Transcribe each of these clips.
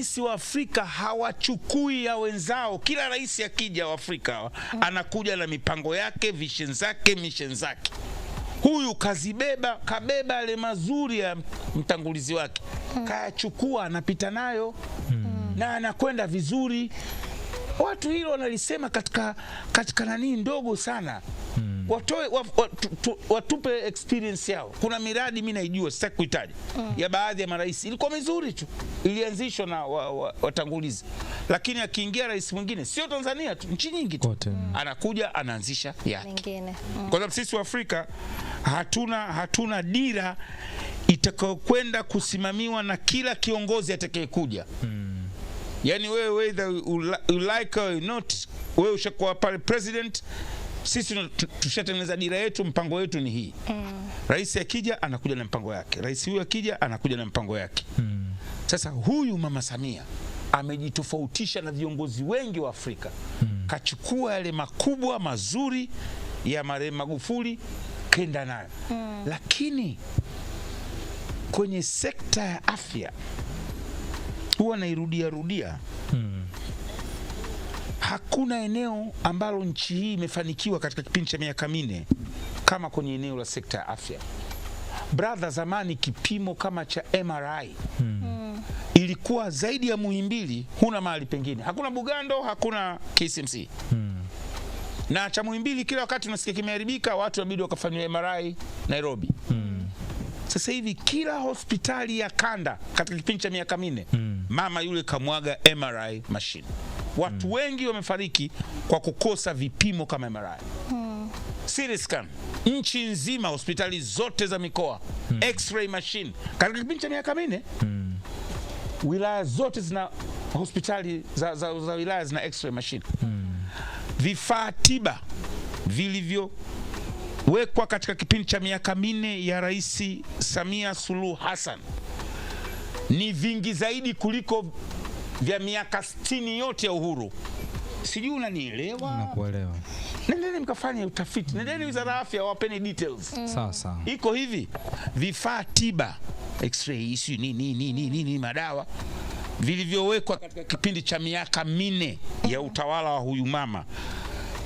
marais wa Afrika hawachukui ya wenzao. Kila rais akija wa Afrika anakuja na mipango yake, vishen zake, mishen zake. Huyu kazibeba, kabeba yale mazuri ya mtangulizi wake, kayachukua, anapita nayo na anakwenda vizuri. Watu hilo wanalisema katika, katika nanii ndogo sana watoe wa, watupe experience yao. Kuna miradi mimi naijua, sitaki kuitaja mm. ya baadhi ya marais ilikuwa mizuri tu, ilianzishwa na watangulizi wa, wa lakini akiingia rais mwingine, sio Tanzania tu, nchi nyingi tu mm. anakuja anaanzisha yake mm. kwa sababu sisi wa Afrika hatuna, hatuna dira itakayokwenda kusimamiwa na kila kiongozi atakayekuja mm. Yani wewe whether you like or not, wewe ushakuwa pale president sisi tushatengeneza dira yetu, mpango wetu ni hii mm. Rais akija anakuja na mpango yake, rais huyu akija anakuja na mpango yake mm. Sasa huyu Mama Samia amejitofautisha na viongozi wengi wa Afrika mm. Kachukua yale makubwa mazuri ya marehemu Magufuli kenda nayo mm. Lakini kwenye sekta ya afya huwa nairudia rudia mm. Hakuna eneo ambalo nchi hii imefanikiwa katika kipindi cha miaka minne kama kwenye eneo la sekta ya afya. bratha zamani kipimo kama cha MRI hmm. ilikuwa zaidi ya Muhimbili, huna mahali pengine, hakuna Bugando, hakuna KCMC hmm. na cha Muhimbili kila wakati unasikia kimeharibika, watu wabidi wakafanyiwa MRI Nairobi hmm. Sasa hivi kila hospitali ya kanda katika kipindi cha miaka minne hmm. mama yule kamwaga MRI mashine. Watu mm. wengi wamefariki kwa kukosa vipimo kama MRI mm. CT scan nchi nzima, hospitali zote za mikoa mm. x-ray machine katika kipindi cha miaka minne mm. wilaya zote zina hospitali za, za, za wilaya zina x-ray machine mm. vifaa tiba vilivyo wekwa katika kipindi cha miaka minne ya Rais Samia Suluhu Hassan ni vingi zaidi kuliko vya miaka 60 yote ya uhuru. Sijui unanielewa? Nakuelewa. Nendeni mkafanye utafiti, nendeni wizara ya afya wapeni details. Mm. Sawa sawa. Iko hivi vifaa tiba x-ray isi ni ni ni madawa vilivyowekwa katika kipindi cha miaka minne ya utawala wa huyu mama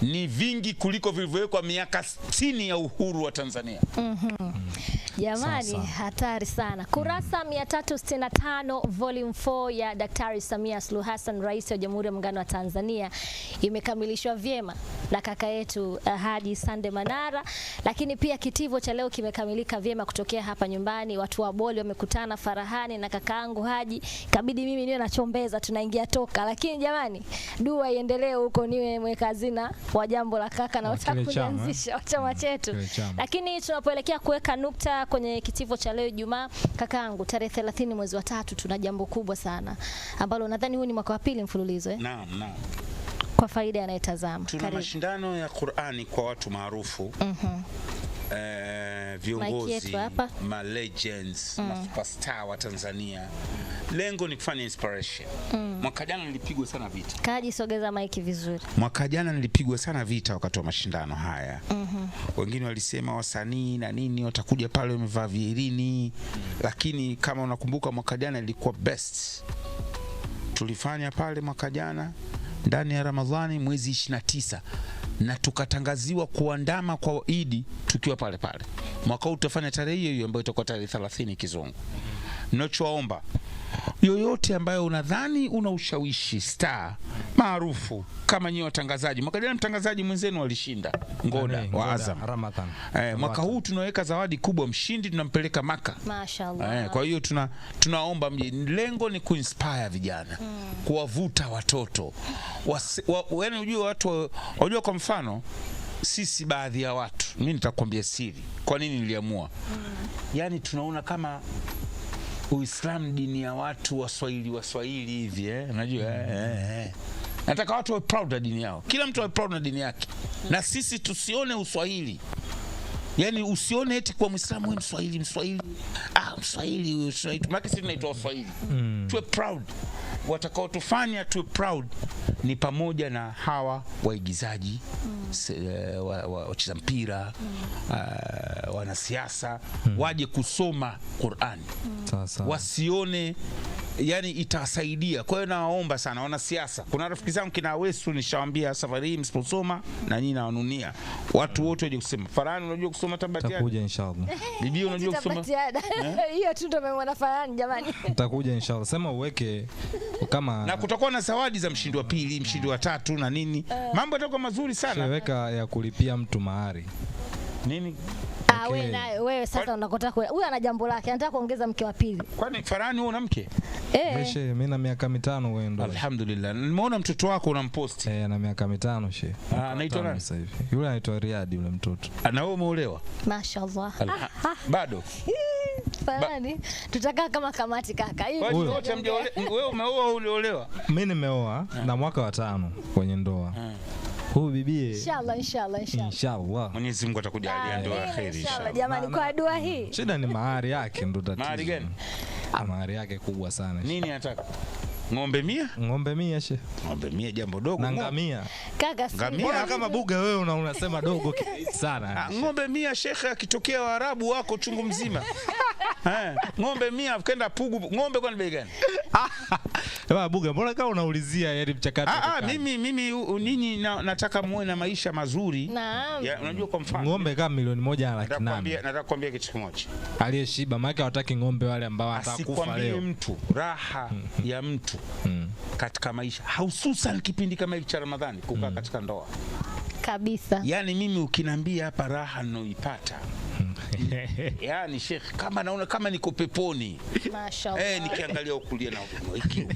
ni vingi kuliko vilivyowekwa miaka 60 ya uhuru wa Tanzania. Mm -hmm. Jamani hatari sana. Kurasa 365 mm. volume 4 ya Daktari Samia Suluhu Hassan, Rais wa Jamhuri ya Muungano wa Tanzania imekamilishwa vyema na kaka yetu eh, Haji Sande Manara, lakini pia kitivo cha leo kimekamilika vyema kutokea hapa nyumbani. Watu wa Boli wamekutana Farahani na kakaangu Haji, kabidi mimi niwe nachombeza, tunaingia toka. Lakini jamani, dua iendelee huko, niwe mweka hazina wa jambo la kaka na ah, eh? wa chama mm, chetu, lakini tunapoelekea kuweka nukta kwenye kitivo cha leo Ijumaa, kakaangu, tarehe 30 mwezi wa tatu, tuna jambo kubwa sana ambalo nadhani huu ni mwaka wa pili mfululizo eh? Naam, naam. Kwa faida anayetazama, tuna mashindano ya Qur'ani kwa watu maarufu mm -hmm eh, viongozi ma legends mm. masuperstar wa Tanzania. Lengo ni kufanya inspiration mm. Mwaka jana nilipigwa sana vita. Kaji sogeza mike vizuri. Mwaka jana nilipigwa sana vita wakati wa mashindano haya mm -hmm. Wengine walisema wasanii na nini watakuja pale wamevaa vierini. Lakini kama unakumbuka mwaka jana ilikuwa best tulifanya pale mwaka jana ndani ya Ramadhani mwezi 29 na tukatangaziwa kuandama kwa Idi tukiwa pale pale. Mwaka huu tutafanya tarehe hiyo hiyo ambayo itakuwa tarehe 30 Kizungu. Ninachoomba yoyote ambayo unadhani una ushawishi star maarufu kama nyie watangazaji. Mwaka jana mtangazaji mwenzenu alishinda Ngoda Ane, wa Azam eh, mwaka huu tunaweka zawadi kubwa, mshindi tunampeleka Maka. Mashaallah. Eh, kwa hiyo tuna tunaomba mje lengo ni kuinspire vijana mm. kuwavuta watoto wa, yaani unajua watu unajua, kwa mfano sisi baadhi ya watu, mimi nitakwambia siri kwa nini niliamua mm. yaani tunaona kama Uislamu dini ya watu waswahili waswahili hivi eh, unajua eh, mm. eh, eh. Nataka watu wawe proud na dini yao, kila mtu awe proud na dini yake, mm. na sisi tusione uswahili Yaani usione eti kwa Muislamu wewe Mswahili Mswahili. Ah, Mswahili huyo Mswahili. Maana sisi tunaitwa Waswahili. Mm. Tuwe proud watakaotufanya tu proud ni pamoja na hawa waigizaji mm. wacheza wa, mpira mm. uh, wanasiasa mm. waje kusoma Qur'an mm. wasione yani itasaidia. Kwa hiyo nawaomba sana wanasiasa, kuna rafiki zangu kina Wesu, nishawambia safari hii msiposoma na nyinyi nawanunia watu wote waje kusema. Farani, unajua kusoma tabatiada? Takuja inshallah. Bibi, unajua kusoma eh? hiyo tu ndio mwana jamani. takuja inshallah, sema uweke kama na kutakuwa na zawadi za mshindi wa pili, mshindi wa tatu na nini, eh. mambo yatakuwa mazuri sana. Sheweka ya kulipia mtu mahari nini Okay. Ah, wewe naye wewe sasa unakotaka kula. Huyu ana jambo lake, anataka kuongeza mke wa pili. Kwani Farani wewe una mke? Eh. Mshe, mimi na miaka mitano wewe ndo. Alhamdulillah. Nimeona mtoto wako unampost. Eh, ana miaka mitano she. Ah, anaitwa nani sasa hivi? Yule anaitwa Riyadi yule mtoto. Ana ah, wewe umeolewa? Mashaallah. Ah, ah. Bado fulani tutakaa kama kamati kaka. Wewe umeoa au uliolewa? Mimi nimeoa na mwaka wa tano kwenye ndoa hmm. huyu bibie. Inshallah, inshallah, inshallah. Inshallah. Mwenyezi Mungu atakujalia ah, ndoa heri inshallah. Jamani, kwa dua hmm. hii. Shida ni mahari yake ndo tatizo. Mahari gani? Ah, mahari yake kubwa sana. Nini anataka? Ng'ombe mia? Ng'ombe mia she. Ng'ombe mia jambo dogo. Na ngamia. Kaka si. Ngamia kama buga wewe una unasema dogo sana. Ah, ng'ombe mia shekhe akitokea Waarabu wako chungu mzima. Eh, ng'ombe mia ukaenda Pugu, ng'ombe kwa ni bei gani? Baba Buga, mbona kama unaulizia yani mchakato? Ah, ah, mimi mimi ninyi na, nataka muone na maisha mazuri. Naam. unajua kwa mfano ng'ombe kama milioni moja na laki nane. Nakwambia nataka kukwambia kitu kimoja. Aliyeshiba maana hawataki ng'ombe wale ambao atakufa leo. Asikwambie mtu raha mm, mm. ya mtu mm. katika maisha hususan kipindi kama hiki cha Ramadhani kukaa katika ndoa. Kabisa. Yaani mimi ukiniambia hapa raha ninayoipata yani Sheikh, kama naona kama niko peponi. Mashallah. Eh, nikiangalia ukulia na hiki.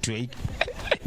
tu hiki.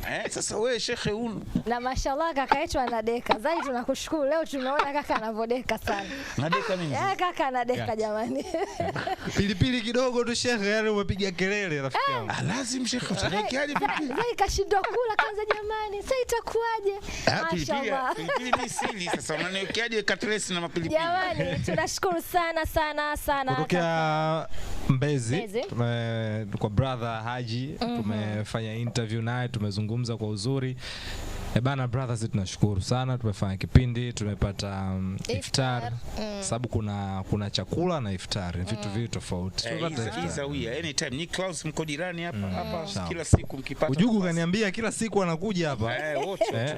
Eh, sasa wewe shekhe huyu. Na mashallah kaka yetu anadeka. Zai tunakushukuru leo tumeona kaka anavodeka sana. Nadeka nini? Eh, kaka anadeka jamani. Pilipili kidogo tu shekhe, yale umepiga kelele rafiki eh. yangu. Ah, lazim shekhe utadekaje vipi? Zai kashindwa kula kwanza jamani. Sasa itakuwaje? Ah, mashallah. Pilipili ni sili sasa unaniwekeaje katresi na mapilipili? Jamani tunashukuru sana sana sana. Kutokea Mbezi, Mbezi. Eh, kwa brother Haji mm -hmm. Tumefanya interview naye, tumezungumza kwa uzuri. E bana brothers, tunashukuru sana, tumefanya kipindi, tumepata um, iftar mm. Sababu kuna kuna chakula na iftar ni vitu mm. viwili tofauti. Eh, anytime Klaus mko jirani hapa mm. hapa, kila siku mkipata. Ujugu kaniambia kila siku anakuja hapa eh, wote.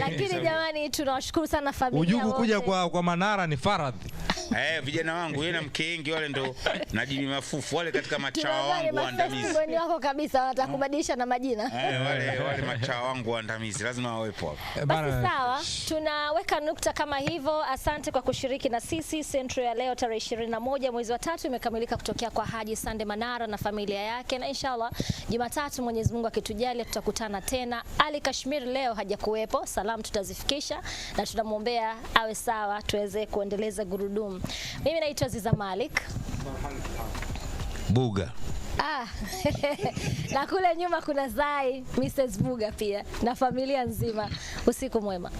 Lakini jamani, tunawashukuru sana familia Ujugu kuja kwa kwa Manara ni faradhi eh, vijana wangu yeye na mkeengi wale ndo na jini Mafufu wale katika machao wangu waandamizi. Wale wako kabisa watakubadilisha mm. na majina. Eh, wale wale machao wangu waandamizi lazima wawepo hapo. Eh, Basi sawa, tunaweka nukta kama hivyo. Asante kwa kushiriki na sisi Central ya leo tarehe 21 mwezi wa tatu imekamilika kutokea kwa Haji Sande Manara na familia yake, na inshallah Jumatatu Mwenyezi Mungu akitujalia tutakutana tena. Ali Kashmir leo hajakuwepo, salamu tutazifikisha na tunamwombea awe sawa tuweze kuendeleza gurudumu mimi naitwa Ziza Malik Buga. Ah, na kule nyuma kuna Zai Mrs. Buga pia na familia nzima. Usiku mwema.